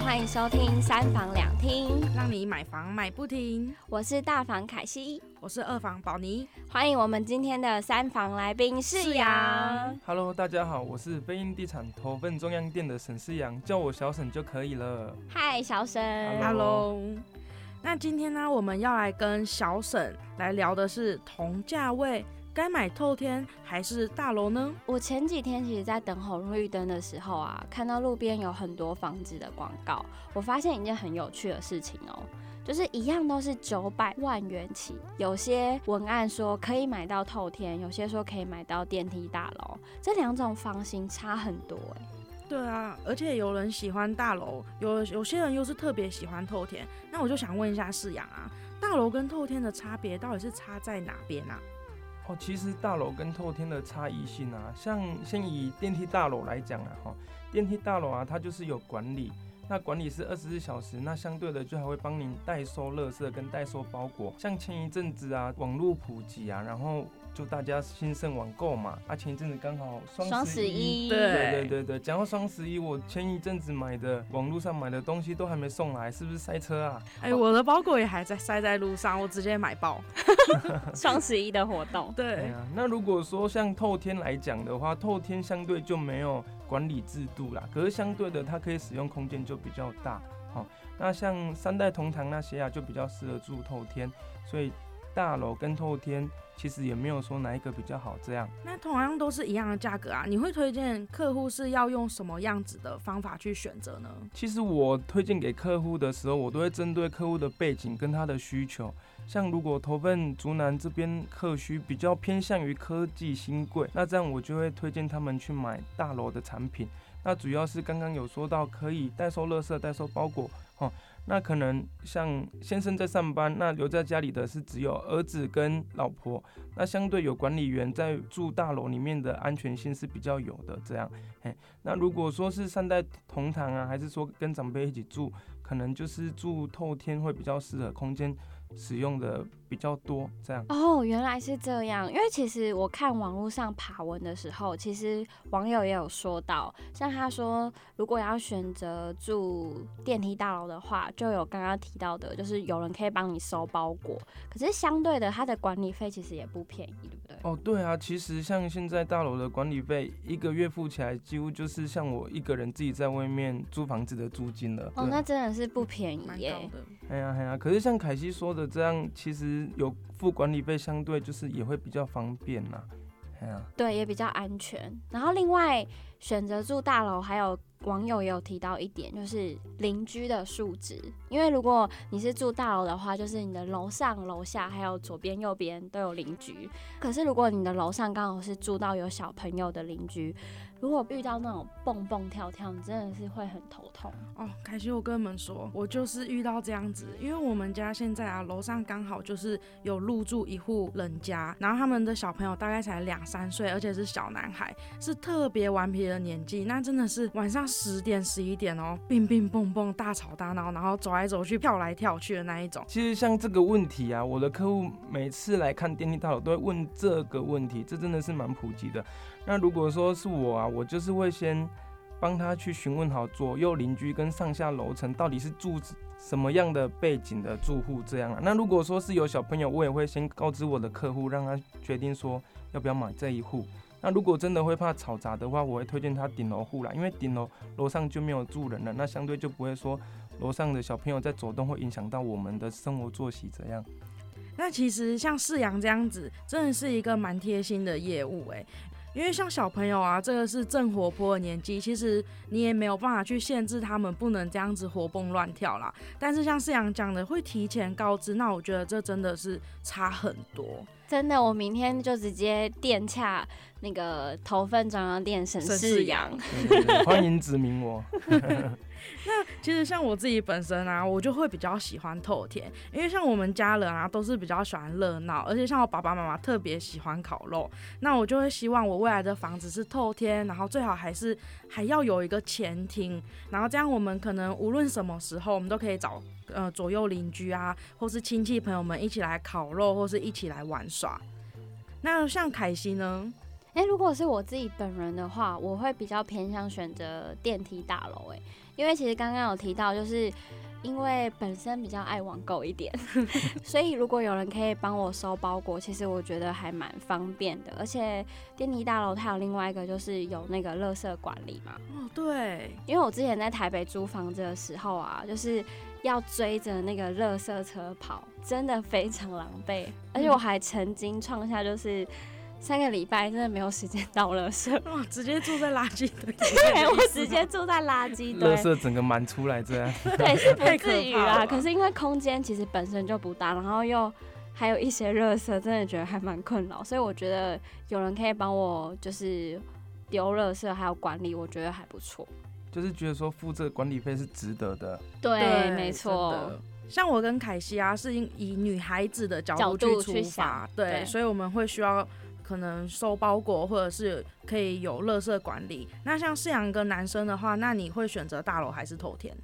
歡迎收聽三房兩廳，讓你買房買不停。我是大房凱西，我是二房寶妮。歡迎我們今天的三房來賓軾揚。揚楊 Hello，大家好，我是飛鷹地產頭份中央店的沈軾揚，叫我小沈就可以了。嗨，小沈。Hello。Hello. 那今天呢，我們要來跟小沈來聊的是同價位，該買透天還是大樓呢？我前幾天其實，在等紅綠燈的時候啊，看到路邊有很多房子的廣告。我發現一件很有趣的事情哦、喔，就是一樣都是九百萬元起，有些文案說可以買到透天，有些說可以買到電梯大樓，這兩種房型差很多、欸、對啊，而且有人喜歡大樓，有有些人又是特別喜歡透天。那我就想問一下軾揚啊，大樓跟透天的差別到底是差在哪邊啊？哦，其實大樓跟透天的差異性啊，像先以電梯大樓來講啊，哈，電梯大樓啊，它就是有管理，那管理是二十四小時，那相對的就還會幫您代收垃圾跟代收包裹，像前一陣子啊，網絡普及啊，然後。就大家興盛網購嘛，啊，前一陣子剛好雙十一，對對對對，講到雙十一，我前一陣子買的網路上買的東西都還沒送來，是不是塞車啊？哎、欸，好我的包裹也還在塞在路上，我直接買爆。雙十一的活動，對，對、啊。那如果說像透天來講的話，透天相對就沒有管理制度啦，可是相對的它可以使用空間就比較大。好，那像三代同堂那些啊，就比較適合住透天，所以。大樓跟透天其實也沒有說哪一個比較好，這樣。那同樣都是一樣的價格啊，你會推薦客戶是要用什麼樣子的方法去選擇呢？其實我推薦給客戶的時候，我都會針對客戶的背景跟他的需求。像如果頭份竹南這邊客需比較偏向於科技新貴，那這樣我就會推薦他們去買大樓的產品。那主要是剛剛有說到可以代收垃圾、代收包裹。哦，那可能像先生在上班，那留在家裡的是只有兒子跟老婆。那相對有管理員在住大樓裡面的安全性是比較有的。這樣，嘿，那如果說是三代同堂啊，還是說跟長輩一起住，可能就是住透天會比較適合空間使用的。比較多這樣哦，oh, 原來是這樣。因為其實我看網絡上爬文的時候，其實網友也有說到，像他說，如果要選擇住電梯大樓的話，就有剛剛提到的，就是有人可以幫你收包裹。可是相對的，它的管理費其實也不便宜，對不對？哦，oh, 對啊，其實像現在大樓的管理費，一個月付起來幾乎就是像我一個人自己在外面租房子的租金了。哦、oh, 對，那真的是不便宜耶。對啊、對啊，可是像凱西說的這樣，其實。有付管理費，相對就是也會比較方便啦，啊，對啊，對，也比較安全。然後另外選擇住大樓，還有網友也有提到一點，就是鄰居的素質。因為如果你是住大樓的話，就是你的樓上、樓下還有左邊右邊都有鄰居。可是如果你的樓上剛好是住到有小朋友的鄰居，如果遇到那種蹦蹦跳跳，你真的是會很頭痛哦。凱西，我跟你們說，我就是遇到這樣子，因為我們家現在啊，樓上剛好就是有入住一戶人家，然後他們的小朋友大概才兩三歲，而且是小男孩，是特別頑皮的年紀。那真的是晚上十點、十一點哦，砰砰蹦蹦，大吵大鬧，然後走來走去、跳來跳去的那一種。其實像這個問題啊，我的客戶每次來看電梯大樓都會問這個問題，這真的是蠻普及的。那如果說是我啊，我就是會先幫他去詢問好左右鄰居跟上下樓層到底是住什麼樣的背景的住戶這樣、啊。那如果說是有小朋友，我也會先告知我的客戶，讓他決定說要不要買這一戶。那如果真的會怕吵雜的話，我會推薦他頂樓戶啦，因為頂樓樓上就沒有住人了，那相對就不會說樓上的小朋友在走動會影響到我們的生活作息這樣。那其實像軾揚這樣子，真的是一個蠻貼心的業務誒、欸。因為像小朋友啊，這個是正活潑的年紀，其實你也沒有辦法去限制他們不能這樣子活蹦亂跳啦。但是像軾揚講的，會提前告知，那我覺得這真的是差很多。真的，我明天就直接電洽那個頭份中央店沈軾揚四 歡迎指名我。 那其實像我自己本身啊，我就會比較喜歡透天，因為像我們家人啊，都是比較喜歡熱鬧，而且像我爸爸媽媽特別喜歡烤肉，那我就會希望我未來的房子是透天，然後最好還是還要有一個前庭。然後這樣我們可能無論什麼時候，我們都可以找呃左右鄰居啊，或是親戚朋友們一起來烤肉，或是一起來玩耍。那像凱西呢？哎、欸，如果是我自己本人的話，我會比較偏向選擇電梯大樓、欸，哎。因為其實剛剛有提到，就是因為本身比較愛網購一點， 所以如果有人可以幫我收包裹，其實我覺得還蠻方便的。而且電梯大樓它有另外一個，就是有那個垃圾管理嘛。哦，對，因為我之前在台北租房子的時候啊，就是要追着那個垃圾車跑，真的非常狼狽。而且我還曾經創下就是。三個禮拜真的沒有時間倒垃圾，我直接住在垃圾堆。對，我直接住在垃圾堆，垃圾整個滿出來的，這樣 對是，對太可怕了。 可是因為空間其實本身就不大，然後又還有一些垃圾，真的覺得還蠻困擾。所以我覺得有人可以幫我，就是丟垃圾還有管理，我覺得還不錯。就是覺得說付這管理費是值得的。對，沒錯。像我跟凱西啊，是以，以女孩子的角度去出發，對，對所以我們會需要。可能收包裹，或者是可以有垃圾管理。那像飼養一個男生的話，那你會選擇大樓還是透天？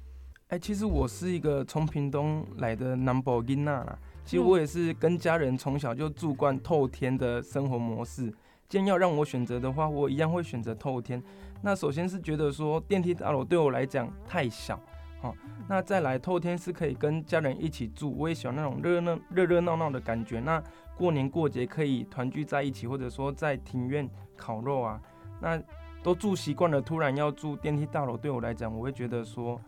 哎、欸，其實我是一個從屏東來的南部囡仔啦。其實我也是跟家人從小就住慣透天的生活模式。既然要讓我選擇的話，我一樣會選擇透天。那首先是覺得說電梯大樓對我來講太小，好。那再來透天是可以跟家人一起住，我也喜歡那種熱鬧、熱熱鬧鬧的感覺。那。過年過節可以團聚在一起，或者說在庭院烤肉啊，那都住習慣了，突然要住電梯大樓，對我來講，我會覺得說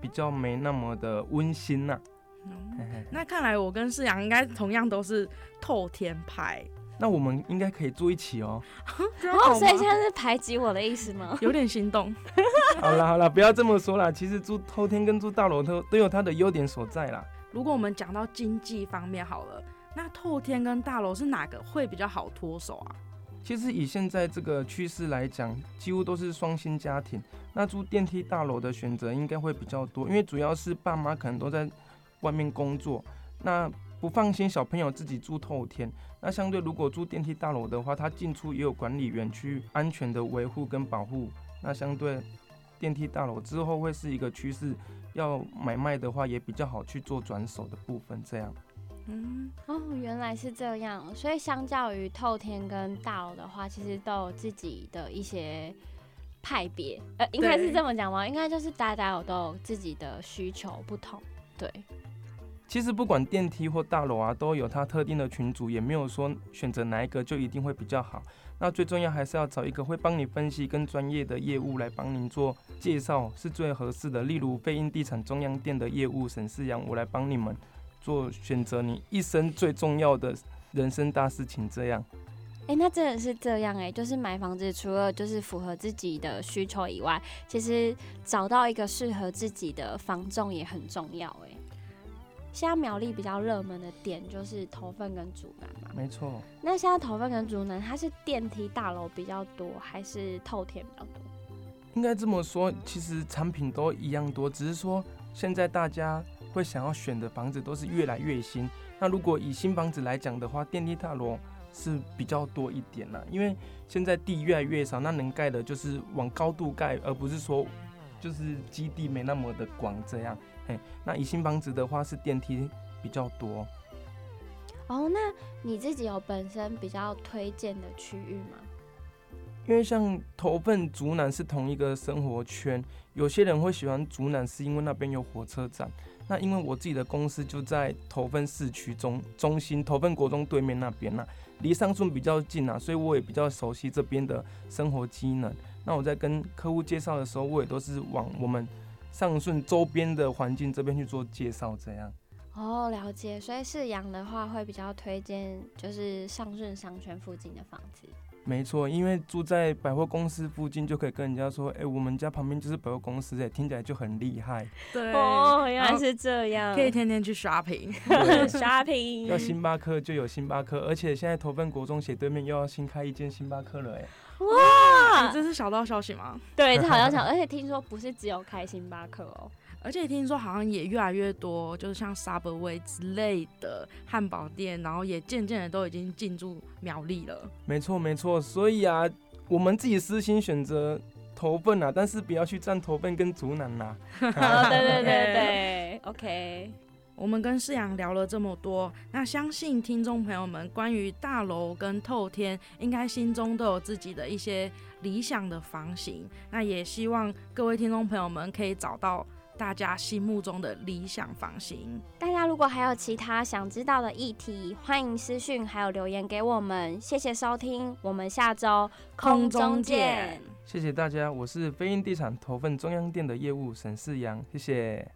比較沒那麼的溫馨吶、啊嗯。那看來我跟軾揚應該同樣都是透天派，那我們應該可以住一起、喔、 哦。然後所以現在是排擠我的意思嗎？ 有點心動。 好啦好啦，不要這麼說啦。其實住透天跟住大樓都都有它的優點所在啦。如果我們講到經濟方面，好了。那透天跟大樓是哪個會比較好脫手啊？其實以現在這個趨勢來講，幾乎都是雙薪家庭，那住電梯大樓的選擇應該會比較多，因為主要是爸媽可能都在外面工作，那不放心小朋友自己住透天。那相對如果住電梯大樓的話，它進出也有管理員去安全的維護跟保護。那相對電梯大樓之後會是一個趨勢，要買賣的話也比較好去做轉手的部分，這樣。嗯哦，原來是這樣。所以相較於透天跟大樓的話，其實都有自己的一些派別，呃，對應該是這麼講嗎？應該就是大家有都有自己的需求不同，對。其實不管電梯或大樓啊，都有它特定的群組，也沒有說選擇哪一個就一定會比較好。那最重要還是要找一個會幫你分析跟專業的業務來幫您做介紹是最合適的。例如飛鷹地產中央店的業務沈軾揚，我來幫你們做選擇，你一生最重要的人生大事情，這樣。哎，那真的是這樣哎，就是買房子除了就是符合自己的需求以外，其實找到一個適合自己的房種也很重要哎。現在苗栗比較熱門的點就是頭份跟竹南嘛，沒錯。那現在頭份跟竹南，它是電梯大樓比較多，還是透天比較多？應該這麼說，其實產品都一樣多，只是說現在大家，會想要選的房子都是越來越新。那如果以新房子來講的話，電梯大樓是比較多一點啦，因為現在地越來越少，那能蓋的就是往高度蓋，而不是說就是基地沒那麼的廣這樣。嘿，那以新房子的話是電梯比較多。哦，oh, 那你自己有本身比較推薦的區域嗎？因為像頭份竹南是同一個生活圈，有些人會喜歡竹南，是因為那邊有火車站。那因為我自己的公司就在頭份市區中中心，頭份國中對面那邊啦，離上順比較近啊，所以我也比較熟悉這邊的生活機能。那我在跟客戶介紹的時候，我也都是往我們上順周邊的環境這邊去做介紹，這樣。哦，了解。所以軾揚的話，會比較推薦就是上順商圈附近的房子。沒錯，因為住在百貨公司附近，就可以跟人家說：“哎、欸，我們家旁邊就是百貨公司。”哎，聽起來就很厲害。對哦，原來後是這樣，可以天天去 shopping，shopping。要星巴克就有星巴克，而且現在頭份國中斜對面又要新開一間星巴克了、欸，哎哇。哇、嗯！這是小道消息嗎？對，這好像小， 而且聽說不是只有開星巴克哦、喔。而且聽說好像也越來越多，就是像 Subway 之類的漢堡店，然後也漸漸的都已經進駐苗栗了。沒錯，沒錯。所以啊，我們自己私心選擇頭份啊，但是不要去占頭份跟竹南啊 哦。對對對對 ，OK。我們跟軾揚聊了這麼多，那相信聽眾朋友們關於大樓跟透天，應該心中都有自己的一些理想的房型。那也希望各位聽眾朋友們可以找到大家心目中的理想房型。大家如果還有其他想知道的議題，歡迎私訊還有留言給我們。謝謝收聽，我們下周空中見。中見，謝謝大家，我是飛鷹地產頭份中央店的業務沈軾揚，謝謝。